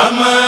ama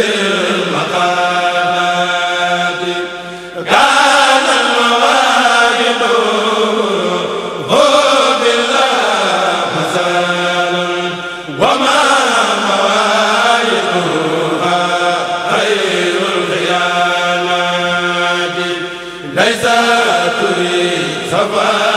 sa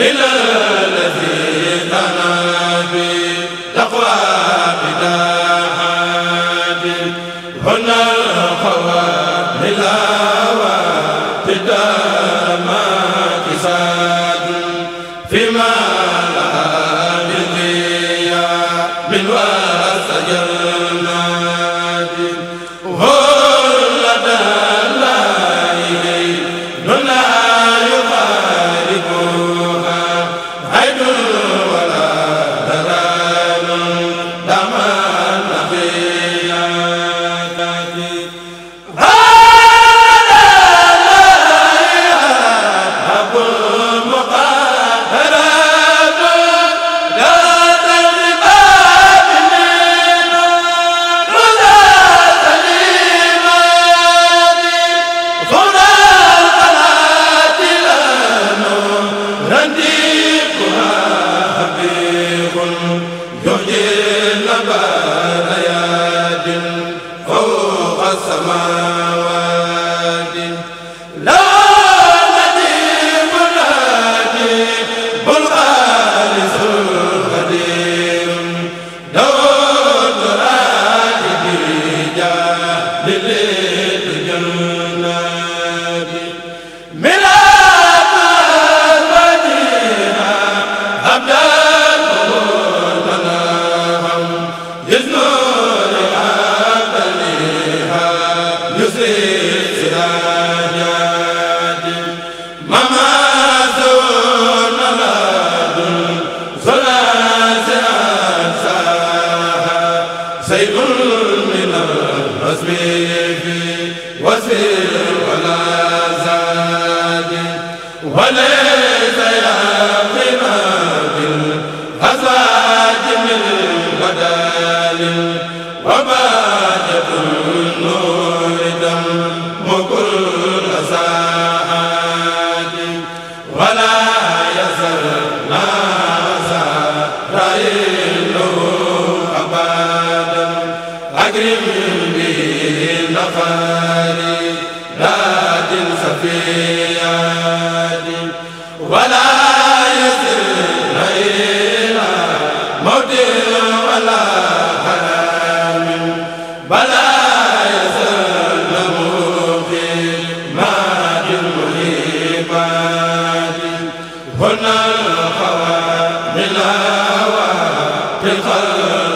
ila سيل من الرسم في وسيل ولا زاد ولا honna xawa min la wa til xal